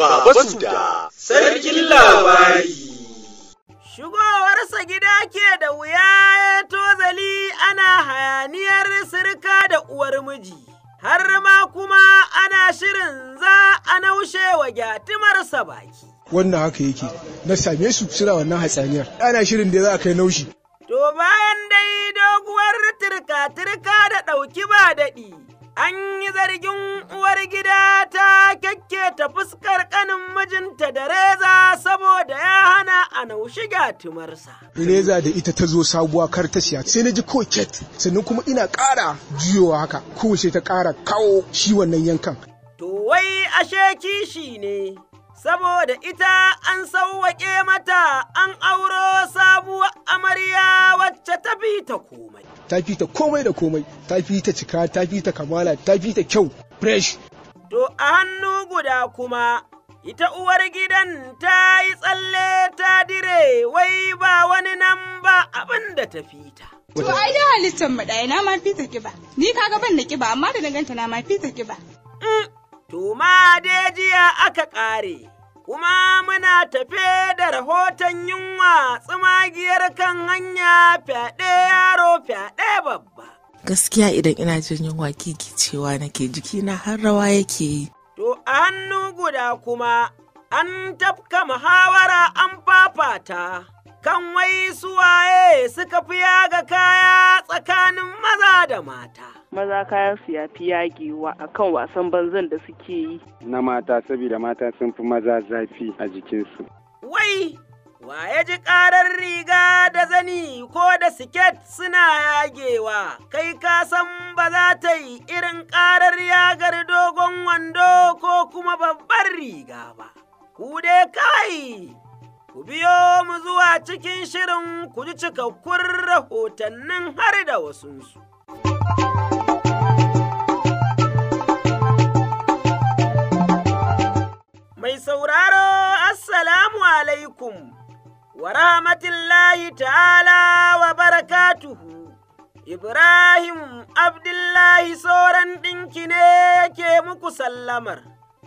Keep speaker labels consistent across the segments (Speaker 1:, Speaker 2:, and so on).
Speaker 1: Baba Suda, sarkin labari. Shigowarsa gida ke da wuya ya tozali ana hayaniyar sirka da uwar miji, har ma kuma ana shirin za a naushe wa gyatumarsa baki.
Speaker 2: Wannan haka yake, na same su suna wannan hatsaniyar, ana shirin da za a kai naushi.
Speaker 1: To bayan dai doguwar turka-turka da ɗauki ba daɗi. An yi zargin uwar gida ta ta fuskar kanin mijinta da reza saboda ya hana a naushiga tumarsa.
Speaker 2: Reza da ita ta zo sabuwa kar ta siya sai na ji koket sannan kuma ina ƙara juyowa haka kowace ta ƙara kawo shi wannan yankan.
Speaker 1: To wai ashe kishi ne. saboda ita an sauwaƙe mata an auro sabuwar amarya wacce ta fi ta komai.
Speaker 2: Ta fi ta komai da komai, ta fi ta cika, ta fi ta kamala, ta fi ta kyau, fresh.
Speaker 1: To a hannu guda kuma, ita uwar gidan ta yi tsalle ta dire wai ba wani nan ba abin da ta fi ta.
Speaker 3: To ai da halittar mu ɗaya na ma fi ta kiba, ni kaga ban da kiba amma da danganta na ma fi ta kiba. Mm, Tuma dai jiya
Speaker 1: aka ƙare, kuma muna tafe da rahoton yunwa tsumagiyar kan hanya fyaɗe yaro fyaɗe babba.
Speaker 4: Gaskiya idan ina jin yunwa kiki cewa nake jikina har rawa yake yi.
Speaker 1: To a hannu guda kuma an tafka muhawara an fafata. Kan wai suwaye suka fi yaga kaya tsakanin maza da mata.
Speaker 4: maza kayan su ya fi yagewa kan wasan banzan da suke yi na mata saboda mata
Speaker 2: sun fi maza zafi a jikinsu
Speaker 1: wai wa ya ji ƙarar riga da zani ko da siket suna yagewa kai ka san ba za ta yi irin ƙarar yagar dogon wando ko kuma babbar riga ba ku dai kawai ku biyo mu zuwa cikin shirin ku ji cikakkun rahotannin har da wasunsu. ta'ala wa barakatuhu Ibrahim Abdullahi sauran ɗinki ne yake muku sallamar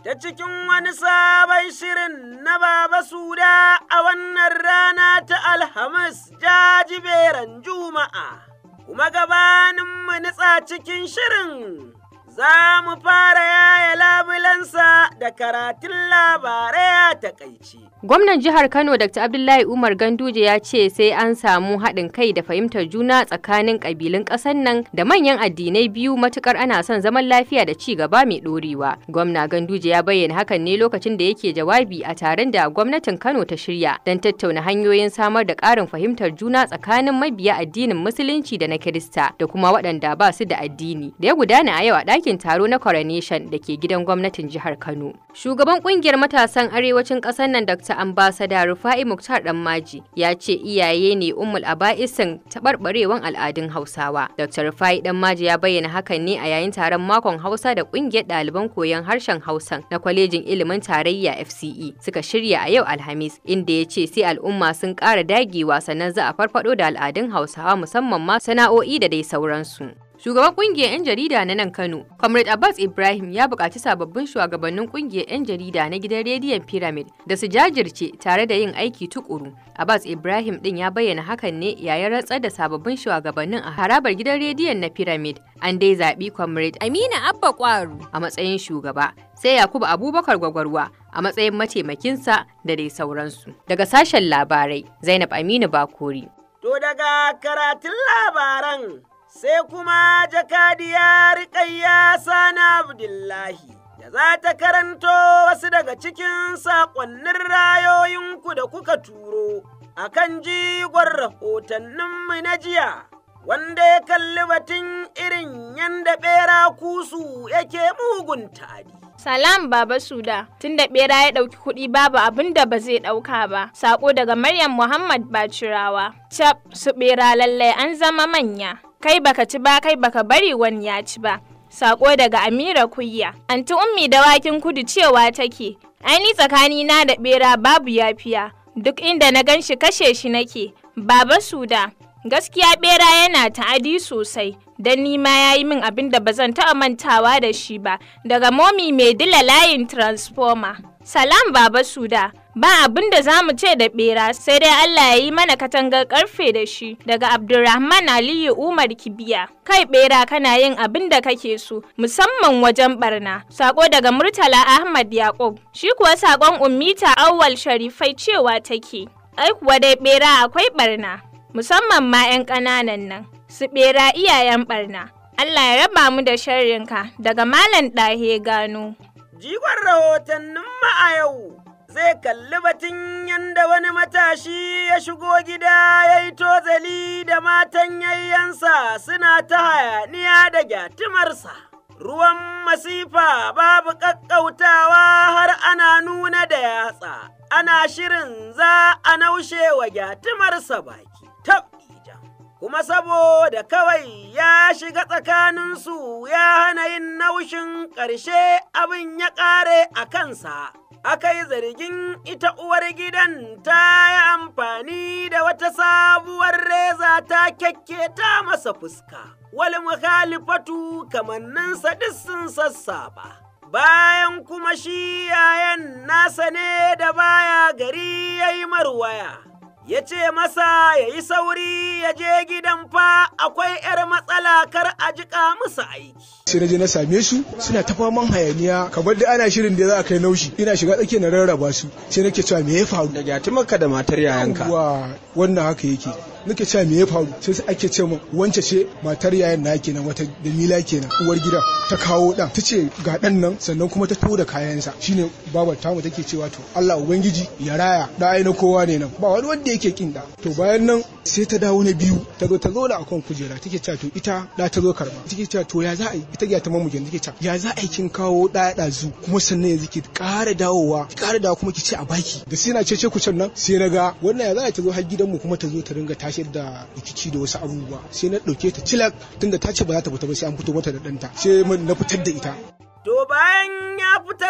Speaker 1: ta cikin wani sabon shirin na Baba Suda a wannan rana ta Alhamis jajiberan Juma'a, kuma gabanin nitsa cikin shirin. za mu fara yaya labulansa da karatun labarai a takaici.
Speaker 5: Gwamnan jihar Kano Dr. Abdullahi Umar Ganduje ya ce sai an samu haɗin kai da fahimtar juna tsakanin ƙabilun ƙasar nan da manyan addinai biyu matukar ana son zaman lafiya da ci gaba mai ɗorewa. Gwamna Ganduje ya bayyana hakan ne lokacin da yake jawabi a taron da gwamnatin Kano ta shirya don tattauna hanyoyin samar da ƙarin fahimtar juna tsakanin mabiya addinin Musulunci da na Kirista da kuma waɗanda ba su da addini da ya gudana a yau a ɗakin taro na Coronation da ke gidan gwamnatin jihar Kano. Shugaban ƙungiyar matasan arewacin ƙasar nan Dr. Ambassador Rufa'i Muktar Danmaji ya ce iyaye ne ummul aba'isin taɓarɓarewan al'adun Hausawa. Dr. Rufa'i Danmaji ya bayyana hakan ne a yayin taron makon Hausa da ƙungiyar ɗaliban koyon harshen Hausan na kwalejin ilimin tarayya FCE suka shirya a yau Alhamis inda ya ce sai al'umma sun ƙara dagewa sannan za a farfado da al'adun Hausawa musamman ma sana'o'i da dai sauransu. Shugaban kungiyar 'yan jarida na nan Kano, Comrade Abbas Ibrahim ya buƙaci sababbin shugabannin kungiyar 'yan jarida na gidan rediyon Pyramid da su jajirce tare da yin aiki tukuru. Abbas Ibrahim ɗin ya bayyana hakan ne yayin rantsar da sababbin shugabannin a harabar gidan rediyon na Pyramid. An dai zaɓi Comrade Amina Abba Kwaru a matsayin shugaba, sai Yakubu Abubakar Gwagwarwa a matsayin mataimakinsa da dai sauransu. Daga sashen labarai, Zainab Aminu Bakori.
Speaker 1: To daga karatun labaran sai kuma jakadiya riƙayya sana abdullahi da za ta karanto wasu daga cikin saƙonnin rayoyinku da kuka turo a kan jigon rahotanninmu na jiya wanda ya kalli batun irin yanda ɓera kusu yake mugun tari.
Speaker 6: Salam Baba Suda, tun da ɓera ya ɗauki kuɗi babu abin da ba zai ɗauka ba. Saƙo daga Maryam Muhammad Bacirawa. Cap su ɓera lallai an zama manya. kai baka ci ba kai baka bari wani ya ci ba sako daga amira kuyya anti ummi da wakin kudu cewa take aini tsakani na da bera babu yafiya duk inda na gan shi kashe shi nake baba suda gaskiya bera yana ta'adi sosai don nima ya yi min abin da ba zan taɓa mantawa da shi ba daga momi mai dila layin transformer salam baba suda Ba abin da za mu ce da bera sai dai Allah ya yi mana katangar karfe da shi daga Abdulrahman Aliyu Umar Kibiya. Kai bera kana yin abin da kake so musamman wajen barna. Sako daga Murtala Ahmad Yakub. Shi kuwa sakon Ummita Awwal Sharifai cewa take. Ai kuwa dai bera akwai barna musamman ma 'yan ƙananan nan. Su bera iyayen barna. Allah ya raba mu da sharrinka daga Malam Ɗahe Gano.
Speaker 1: Jigon rahotannin ma a yau zai kalli batun yanda wani matashi ya shigo gida ya yi tozali da matan yayyansa suna ta hayaniya da gyatumarsa. Ruwan masifa babu ƙaƙƙautawa har ana nuna da yatsa, ana shirin za a naushe wa gyatumarsa baki. kuma saboda kawai ya shiga tsakaninsu ya hana yin naushin ƙarshe abin ya ƙare a kansa. aka yi zargin ita uwar gidan ta yi amfani da wata sabuwar reza ta kyakketa masa fuska. Wal mukhalifatu kamannin duk sun sassaba. Bayan kuma shi yayan nasa ne da baya gari ya yi marwaya. ya ce masa ya yi sauri ya je gidan fa akwai 'yar matsala kar a jika musu aiki.
Speaker 2: sai na je na same su suna ta faman hayaniya kamar da ana shirin da za a kai naushi ina shiga tsakiya na rarraba su sai nake cewa me ya faru da jatumarka da matar yayanka wannan haka yake nake cewa me ya faru sai sai ake ce wance ce matar yayan na kenan wata Jamila kenan uwar gida ta kawo dan ta ce ga dan nan sannan kuma ta tura kayansa shine babar tamu take cewa to Allah ubangiji ya raya da aina kowa ne nan ba wani wanda yake kinda to bayan nan sai ta dawo na biyu ta zo ta zo da akan kujera take cewa to ita da ta zo karba take cewa to ya za a yi ita ga ta mamujin take cewa ya za a yi kin kawo da da zu kuma sannan yanzu ki ƙara dawowa ki ƙara dawo kuma ki ce a baki da sai na ce ce can nan sai na ga wannan ya za a ta zo har gidan mu kuma ta zo ta ringa tashar da rikici da wasu abubuwa sai na dauke ta cilak tunda ta ce ba za ta fita ba sai an fito mata da danta sai na fitar da ita
Speaker 1: to bayan ya fita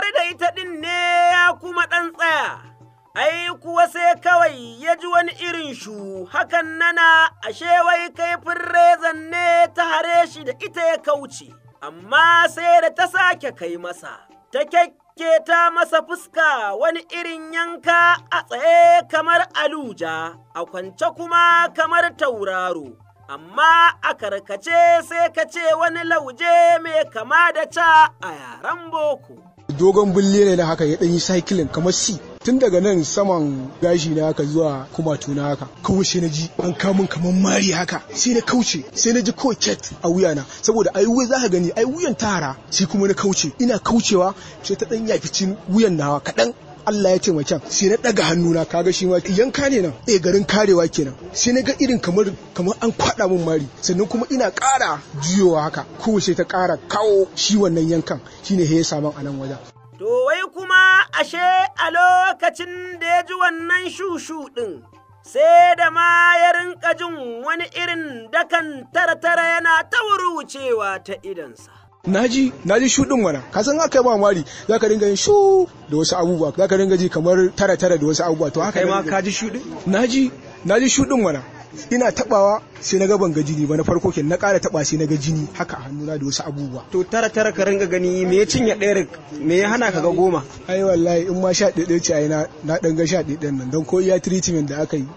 Speaker 1: ji wani irin shu hakan nana ashe wai kaifin rezan ne ta hare shi da ita ya kauce, amma sai da ta sake kai masa, ta kyakke ta masa fuska wani irin yanka a tsaye kamar aluja, a kwance kuma kamar tauraro. Amma a karkace sai ka ce wani lauje mai kama da ca a yaren boko.
Speaker 2: Dogon bulle ne na haka ya ɗan yi cycling kamar si tun daga nan saman gashi na haka zuwa kumatu na haka kawai sai na ji an kamun kamar mari haka sai na kauce sai na ji kawai a a wuyana saboda ai wai za ka gani ai wuyan hara sai kuma na kauce ina kaucewa sai ta dan yafi cin wuyan nawa kaɗan Allah ya taimaka sai na daga hannuna kaga shi ma yanka ne nan eh garin karewa kenan sai na ga irin kamar kamar an kwada min mari sannan kuma ina kara juyowa haka sai ta kara kawo shi wannan yankan shine ya saman a nan wajen
Speaker 1: To wai kuma ashe a lokacin da ya ji wannan shushu ɗin, sai da ma ya rinka jin wani irin dakan tara-tara yana ta wurucewa ta idansa.
Speaker 2: Naji, naji shuɗin wana, ka san aka yi mamari za ka ringa yin shu da wasu abubuwa, za ka ringa ji kamar tara-tara da wasu abubuwa to haka. Kai ma ka ji shuɗin? Naji, naji shuɗin wana, ina tabawa sai na gaban ban ga jini ba na farko ke na ƙara taba sai na ga jini haka a hannuna da wasu abubuwa
Speaker 1: to tara tara ka ringa gani me ya cinye ɗaya me ya hana ka ga goma
Speaker 2: ai wallahi in ma sha ɗaya ce ai na na dan ga sha ɗaya nan don ko iya treatment da aka yi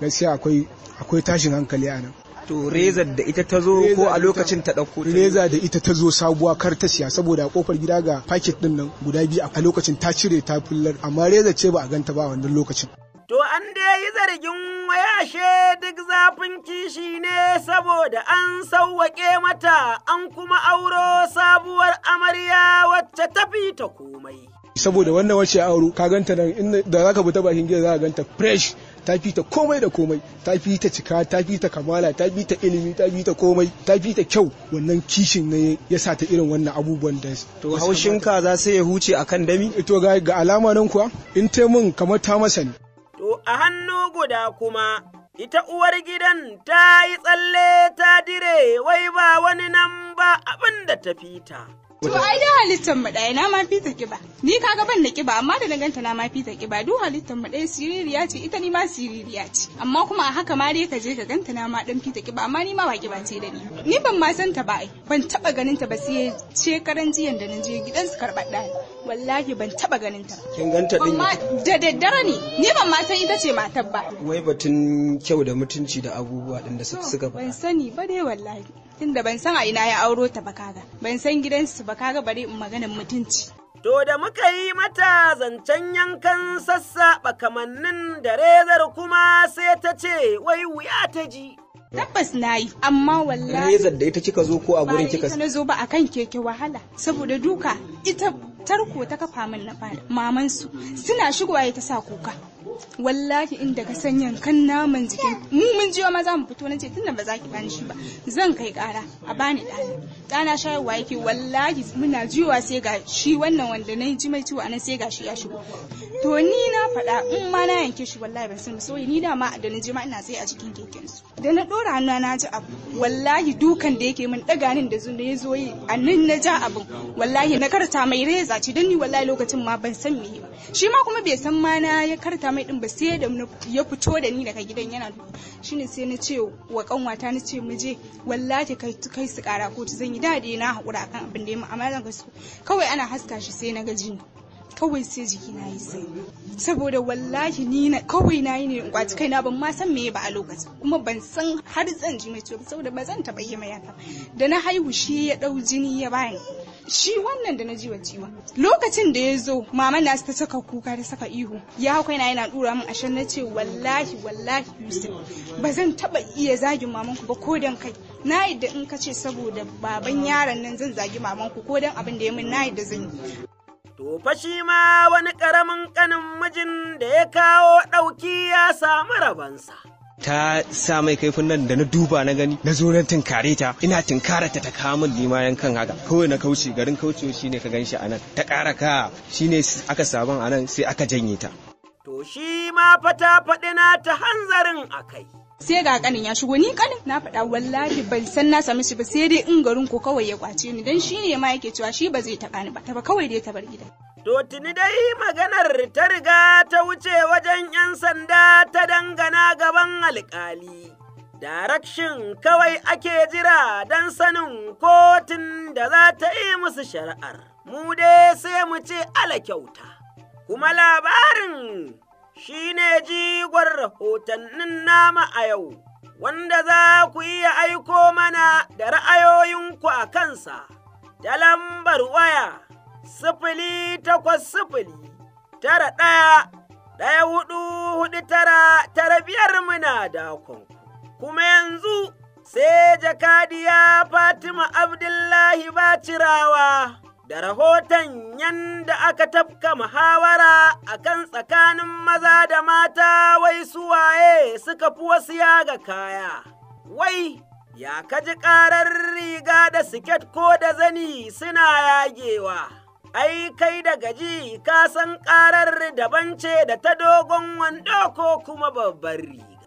Speaker 2: gaskiya akwai akwai tashin hankali a nan to reza da ita ta zo ko a lokacin ta dauko reza da ita ta zo sabuwa kar ta siya saboda kofar gida ga paket ɗinnan nan guda biyu a lokacin ta cire ta fillar amma reza ce ba a ganta ba a wannan lokacin
Speaker 1: To an dai yi zargin wayashe duk zafin kishi ne saboda an sauwaƙe mata an kuma auro sabuwar amarya wacce tafi ta komai.
Speaker 2: Saboda wannan wacce auro ka ganta nan da za ka fita bakin gida za ka ganta fresh ta fi komai da komai ta fi cika ta fi kamala ta fi ta ilimi ta fi komai ta fi kyau wannan kishin ne ya sa ta irin wannan abubuwan da to haushinka za sai ya huce akan dami to ga alama nan kuwa in mun kamar ta masani.
Speaker 1: a hannu guda kuma, ita uwar
Speaker 3: gidan ta yi tsalle ta dire wai ba wani nan ba abin
Speaker 1: da ta fita. To ai
Speaker 3: da halittar mu ɗaya na ma fita kiba. Ni kaga ban da kiba amma da danganta na ma fita kiba duk halittar mu ɗaya siririya ce ita ni ma siririya ce. Amma kuma a haka ma dai ka je ka ganta na ma dan fita kiba amma ni ma ba kiba ce da ni. Ni ban ma san ta ba ai ban taba ganin ta ba sai ce karan jiyan da na je gidan su karɓar ɗaya Wallahi ban taba ganin ta.
Speaker 1: Kin ganta din. Amma
Speaker 3: da daddare ne ni ban ma san ita ce matar ba.
Speaker 1: Wai batun kyau da mutunci da abubuwa din da suka faɗa. Ban
Speaker 3: sani ba dai wallahi. tunda ban san a ina ya auro ta ba kaga ban san gidansu ba kaga bari in maganin mutunci To da muka yi mata zancen
Speaker 1: yankan sassaɓa kamannin da rezar kuma sai ta ce wai wuya
Speaker 3: ta ji. Tabbas na yi, amma wallahi. Rezar
Speaker 2: da ita kika zo ko a gurin kika. Ba
Speaker 3: na zo ba akan keke wahala, saboda duka ita tarko ta kafa min na fara mamansu suna shigowa ya ta sa kuka. wallahi inda ka san yankan naman jikin mu mun ji ma za mu fito nace tunda ba za ki bani shi ba zan kai kara a bani dana dana shayarwa yake wallahi muna jiwa sai ga shi wannan wanda na ji mai ciwo anan sai ga shi ya shigo to ni na faɗa in ma na yanke shi wallahi ban san so ni da ma da na ji ma ina sai a cikin keken su da na dora hannu na ji abu wallahi dukan da yake min daga nin da zun da ya zo yi anan na ja abu. wallahi na karta mai reza ce dan ni wallahi lokacin ma ban san me ba shi ma kuma bai san ma na ya karta mai din ba sai da ya fito da ni daga gidan yana duka shine sai na ce wa kanwata na ce muje wallahi kai kai su kara kotu zan yi dade na hakura akan abin da ya mu amma zan ga su kawai ana haska shi sai na ga jini kawai sai jiki na yi sai saboda wallahi ni na kawai na yi ne in kwaci kaina ban ma san meye ba a lokacin kuma ban san har zan ji mai ciwo saboda ba zan taba yi mai haka da na haihu shi ya dau jini ya bani shi wannan da na ji wa ciwon lokacin da ya zo mama na ta saka kuka ta saka ihu ya hau kaina yana dura min ashen na ce wallahi wallahi yusuf ba zan taba iya zagin mamanku ba ko dan kai na yadda in ka ce saboda baban yaron nan zan zagi mamanku ko dan abin da ya min na yadda zan yi
Speaker 1: To fa shi ma wani karamin kanin mijin da ya kawo ɗauki ya samu rabansa.
Speaker 7: ta
Speaker 2: sa mai kaifin nan da na duba na gani na zo na tinkare ta ina tinkara ta ta kamun limayen kan haka kawai na kauce garin shi ne ka ganshi anan ta ƙara ka shi ne aka sabon anan sai aka janye ta
Speaker 3: to shi ma fata faɗina ta hanzarin akai sai ga kanin ya shigo ni kanin na faɗa wallahi ban san na sami shi ba sai dai in garin ko kawai ya kwace ni dan shine ma yake cewa shi ba zai taɓa ni ba ba kawai dai ta bar gida to tuni dai maganar
Speaker 1: ta riga ta wuce wajen yan sanda alƙali. Darakshin kawai ake jira don sanin kotun da za ta yi musu shari'ar. Mu dai sai mu ce ala kyauta. Kuma labarin shi ne jigon rahotannin nama a yau, wanda za ku iya aiko mana da ra'ayoyinku a kansa da lambar waya sifili takwas sifili tara ɗaya ɗaya hudu hudu tara biyar muna dakon kuma yanzu sai jakadiya Fatima Abdullahi ba cirawa, da rahoton yanda aka tafka muhawara kan tsakanin maza da mata wai suwaye suka fi wasu yaga kaya. Wai, ya kaji ƙarar riga da siket ko da zani suna yagewa. ai kai da gaji, ka san karar daban ce da ta dogon wando ko kuma babbar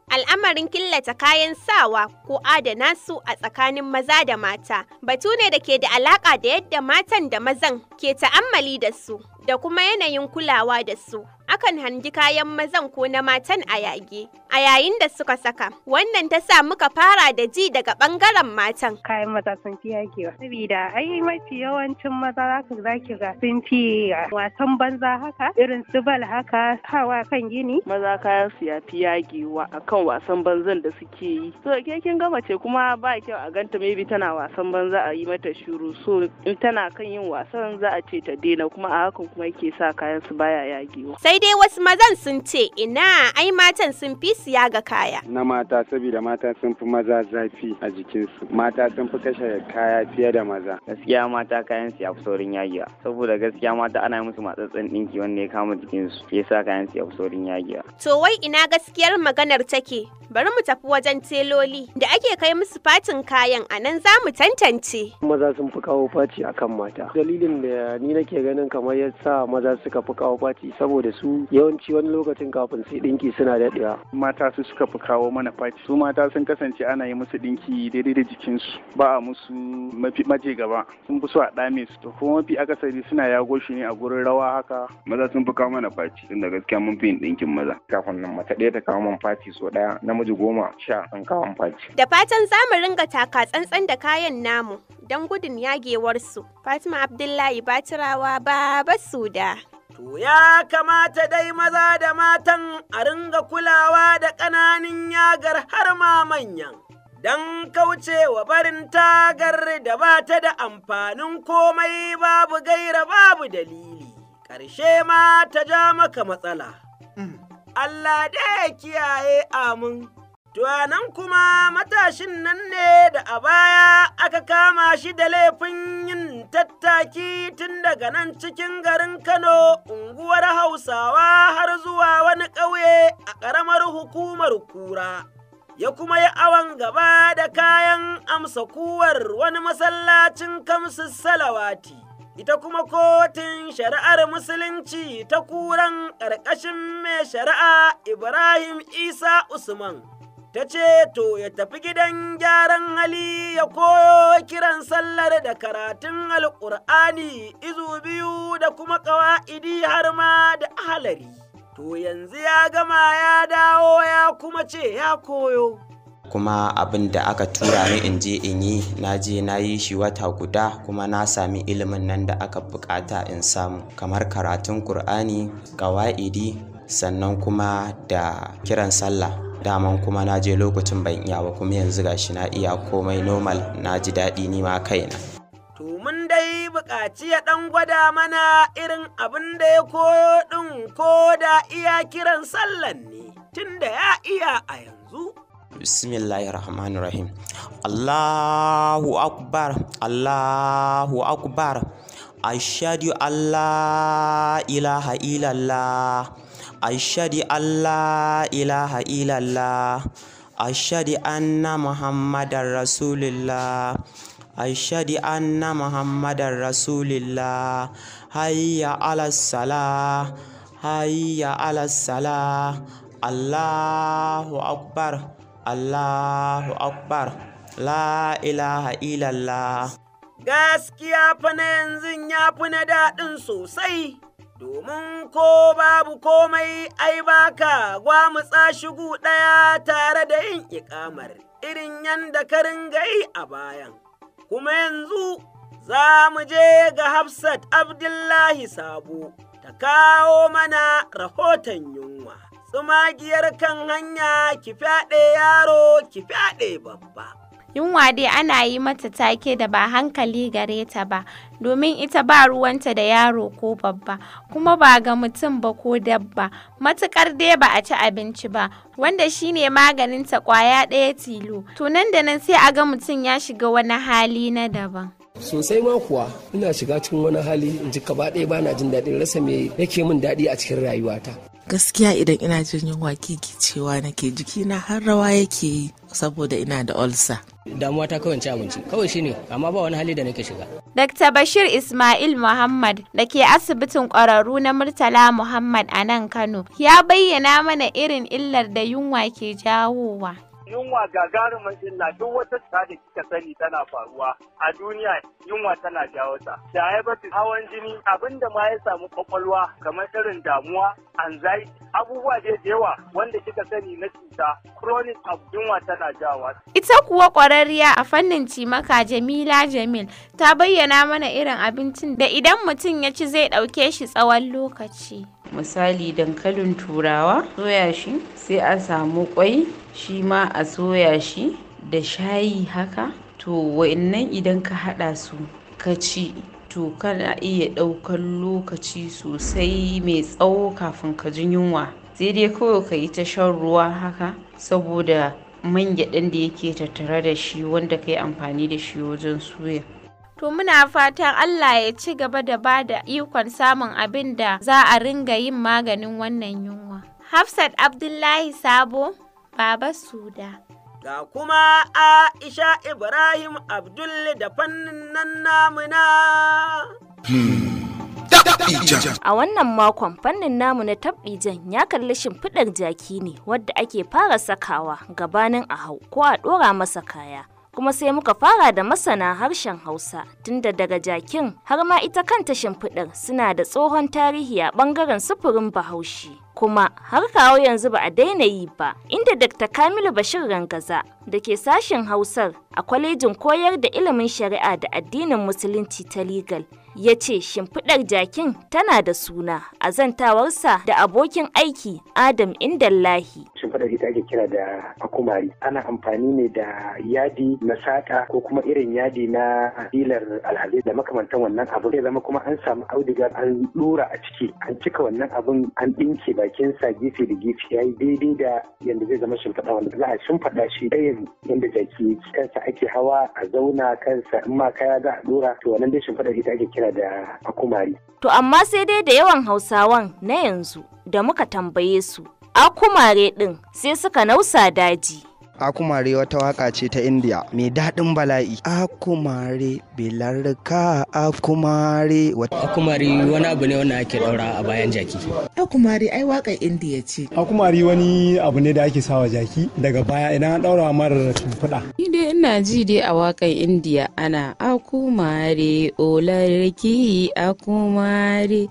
Speaker 1: Al'amarin killata
Speaker 8: kayan sawa ko adana su a tsakanin maza da mata batu ne da ke da alaƙa da yadda matan da mazan ke ta'ammali da su da kuma yanayin kulawa da su. akan hangi kayan mazan ko na matan a yage a yayin da suka saka wannan ta sa muka fara da ji daga bangaren matan kayan maza sun fi yagewa saboda
Speaker 3: ai mafi yawancin maza za ki ga sun fi wasan banza haka irin su bal haka hawa kan gini maza kayan su ya fi yagewa akan wasan banzan da suke
Speaker 4: yi so ke kin ga mace kuma ba kyau a ganta maybe tana wasan banza a yi mata shuru so in tana kan yin wasan za a ce ta daina kuma a hakan kuma yake sa kayan su baya yagewa
Speaker 8: sai dai wasu mazan sun ce ina ai matan sun fi siya ga kaya. Na
Speaker 4: mata saboda
Speaker 7: mata sun fi maza zafi a jikinsu. Mata sun fi kashe kaya fiye da maza. Gaskiya mata kayan siya fi saurin yagiya. Saboda gaskiya mata ana musu matsatsen ɗinki wanda ya kama jikinsu. ya sa kayan siya fi saurin yagiya.
Speaker 8: To wai ina gaskiyar maganar take? Bari mu tafi wajen teloli da ake kai musu fatin kayan a nan za mu tantance.
Speaker 7: Maza sun fi kawo faci akan mata. Dalilin da ni nake ganin kamar yasa maza suka fi kawo faci saboda su su yawanci wani lokacin kafin su dinki suna daɗewa. Mata su suka fi kawo mana faci. Su mata
Speaker 2: sun kasance ana yi musu dinki daidai da jikinsu ba a musu mafi maje gaba sun fi so a ɗame su to kuma mafi akasari suna yago shi ne a gurin rawa haka. Maza sun fi kawo mana faci tunda gaskiya mun fi yin ɗinkin maza. Kafin nan mata ɗaya ta kawo man faci so ɗaya namiji goma sha an
Speaker 6: kawo man faci.
Speaker 8: Da fatan za mu ringa taka tsantsan da kayan namu don gudun yagewarsu. Fatima Abdullahi Batirawa Baba Suda. To ya kamata
Speaker 1: dai maza da matan a ringa kulawa da ƙananin yagar har ma manyan, don kaucewa barin tagar da ba ta da amfanin komai babu gaira babu dalili, ƙarshe ma ta ja maka matsala. Mm. Allah da ya kiyaye amin. To kuma matashin nan ne da a baya aka kama shi da laifin yin tattaki tun daga nan cikin garin Kano unguwar Hausawa har zuwa wani ƙauye a ƙaramar hukumar kura. Ya kuma yi awon gaba da kayan amsa kuwar wani masallacin kamsu salawati. ita kuma kotun shari'ar musulunci ta kuran ƙarƙashin mai shari'a Ibrahim Isa Usman. ta ce to ya tafi gidan gyaran hali ya koyo kiran sallar da karatun alƙur'ani izu biyu da kuma ƙawa'idi har ma da ahalari to yanzu ya gama ya dawo ya kuma ce ya koyo
Speaker 7: kuma abin da aka tura ni in je in yi na je na yi shi wata guda kuma na sami ilimin nan da aka bukata in samu kamar karatun ƙur'ani ƙawa'idi sannan kuma da kiran sallah daman kuma na je lokacin ban iya ba kuma yanzu gashi na iya komai normal na ji daɗi ni ma kaina
Speaker 1: to mun dai buƙaci ya ɗan gwada mana irin abin da ya koyo ɗin ko da iya kiran sallan ne tunda ya iya a yanzu
Speaker 7: bismillahir rahmanir rahim allahu akbar allahu akbar ashadu allah ilaha illallah Aishadi Allah ilaha illallah ashhadu anna muhammadar rasulillah ashhadu anna muhammadar rasulillah hayya ala salah hayya ala salah allahu akbar allahu akbar la ilaha illallah
Speaker 1: gaskiya fa na yanzu ya fi na daɗin sosai domin ko babu komai ai baka gwamutsa shigu ɗaya tare da yin ikamar irin yanda ka yi a bayan. Kuma yanzu za mu je ga Hafsat Abdullahi Sabo ta kawo mana rahoton yunwa. Tsumagiyar kan hanya ki fyaɗe yaro ki fyaɗe
Speaker 9: babba. Yunwa dai ana yi mata take da ba hankali gare ta ba, domin ita ba ruwanta da yaro ko babba, kuma ba ga mutum ba ko dabba, matukar dai ba a ci abinci ba, wanda shine maganin ta kwaya ɗaya tilo. To nan da nan sai a ga mutum ya shiga wani hali na daban.
Speaker 1: sosai ma kuwa ina shiga cikin wani hali in ji gaba ɗaya bana jin daɗin rasa me yake min daɗi a cikin rayuwata
Speaker 4: gaskiya idan ina jin yunwa kiki cewa nake na har rawa yake yi
Speaker 7: saboda ina da olsa damuwa ta kawai ci abinci kawai shi ne amma ba wani hali da nake shiga
Speaker 9: Dr. Bashir Ismail Muhammad da ke asibitin ƙwararru na Murtala Muhammad a nan Kano ya bayyana mana irin illar da yunwa ke jawowa.
Speaker 1: yunwa gagarumin illa duk wata cuta da kika sani tana faruwa a duniya yunwa tana jawo ta diabetes hawan jini abin da ma ya samu kwakwalwa kamar irin damuwa anxiety abubuwa da yawa wanda kika sani na cuta chronic abu yunwa tana jawo
Speaker 9: ita kuwa kwararriya a fannin cimaka Jamila Jamil ta bayyana mana irin abincin da idan mutum ya ci zai ɗauke shi tsawon lokaci misali dankalin turawa soya shi sai a samu kwai shi ma a soya shi da shayi haka to wa'annan idan ka hada su ka ci to kana iya ɗaukan lokaci sosai mai tsawo kafin ka ji yunwa sai dai kawai ka yi ta shan ruwa haka saboda man gyaɗan da yake tattare da shi wanda ka yi amfani da shi wajen suya To muna fatan Allah ya ci gaba da ba da ikon samun abin da za a ringa yin maganin wannan yunwa. Hafsat Abdullahi Sabo, Baba Suda.
Speaker 1: Ga kuma Aisha Ibrahim Abdul da fannin nan namuna. A wannan makon fannin namu na
Speaker 4: tabbijan ya kalli shimfiɗar jaki ne wadda ake fara sakawa gabanin a hau ko a ɗora masa kaya. kuma sai muka fara da masana harshen Hausa tunda daga jakin har ma ita kanta shimfiɗar suna da tsohon tarihi a ɓangaren sufurin Bahaushe. Kuma har kawo yanzu ba a daina yi ba, inda Dr. Kamilu Bashir Rangaza da ke sashen Hausar a kwalejin koyar da ilimin shari'a da addinin musulunci ta legal ya ce shimfiɗar jakin tana da suna a zantawarsa da abokin aiki
Speaker 7: adam indallahi shimfiɗar ita ake kira da akumari ana amfani ne da yadi na sata ko kuma irin yadi na filar alhazai da makamantan wannan abu zai zama kuma an samu audiga an lura a ciki an cika wannan abun an ɗinke bakin sa gefe da gefe ya yi daidai da yadda zai zama shimfiɗa wanda za a shimfiɗa shi ɗayan yadda jaki kansa ake hawa a zauna kansa in ma kaya za a dora to wannan dai shimfiɗar ita ake kira da akumari.
Speaker 4: To amma sai dai da yawan Hausawan na yanzu da muka tambaye su akumare ɗin sai suka nausa daji.
Speaker 7: akumare wata waka ce ta indiya mai daɗin bala'i akumare bilarka akumare akumare wani abu ne wanda ake daura a bayan jaki akumare ai
Speaker 2: waka indiya ce akumare wani abu ne da ake sawa jaki daga baya idan an daura marar tumfuda
Speaker 9: ni dai ina ji dai a wakar indiya ana akumare olarki akumare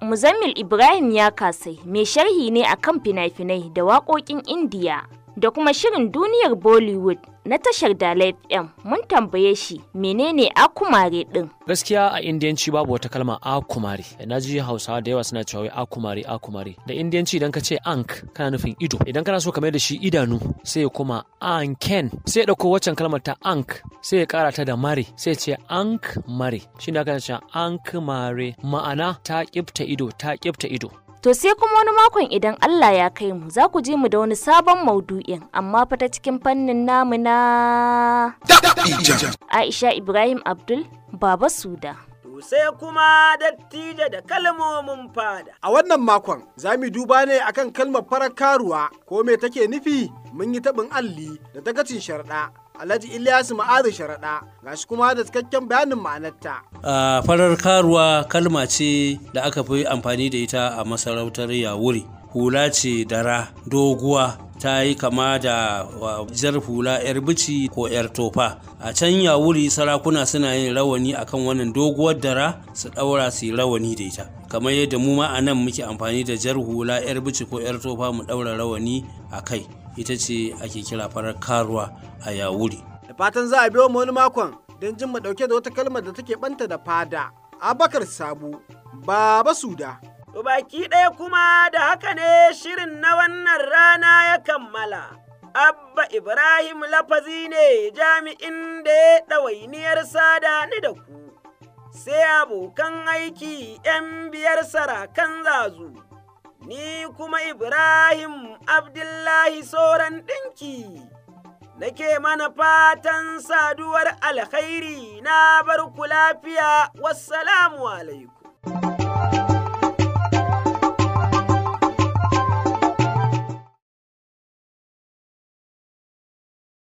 Speaker 9: Muzammil Ibrahim ya
Speaker 4: kasai mai sharhi ne akan fina-finai da waƙoƙin Indiya. da kuma shirin duniyar Bollywood na tashar da FM mun tambaye shi menene akumare
Speaker 7: din. Gaskiya a indiyanci babu wata kalma akumare. Na ji Hausawa da yawa suna cewa wai akumare akumare. Da indiyanci idan ka ce ank kana nufin ido. Idan kana so ka mai da shi idanu sai ya koma anken. Sai ya dauko waccan kalmar ta ank sai ya kara ta da mare sai ya ce ank mare. Shi ne aka ce ank mare ma'ana ta kifta ido ta kifta ido. To
Speaker 4: sai kuma wani makon idan Allah ya kai mu za ku je mu da wani sabon maudu'in amma fa ta cikin fannin namu na Aisha Ibrahim Abdul Baba Suda.
Speaker 1: sai kuma dattijo da kalmomin fada.
Speaker 4: A wannan makon
Speaker 2: za mu duba ne akan kalmar farar karuwa ko me take nufi mun yi taɓin alli da dagacin sharɗa Alhaji Ilyasu Ma'azu Sharaɗa ga shi kuma da cikakken bayanin ma'anarta.
Speaker 1: A farar karuwa kalma ce da aka fi amfani da ita a masarautar Yawuri. Hula ce dara doguwa ta yi kama da jar hula 'yar bici ko 'yar tofa a can yawuri sarakuna suna yin rawani akan wannan doguwar dara su ɗaura su yi rawani da ita kamar yadda mu ma a nan muke amfani da jar hula 'yar bici ko 'yar tofa mu ɗaura rawani a kai ita ce ake kira farar karuwa a yawuri
Speaker 2: da fatan za a biyo mu wani makon don jin mu dauke da wata kalmar da take banta da fada abakar sabu baba suda
Speaker 1: baki ɗaya kuma da haka ne shirin na wannan rana ya kammala abba ibrahim lafazi ne jami'in da ya ɗawainiyar sada ni da ku sai abokan aiki 'yan biyar sarakan zazu ni kuma Ibrahim Abdullahi sauran ɗinki, nake mana fatan saduwar alkhairi na bar ku lafiya, wassalamu alaikum.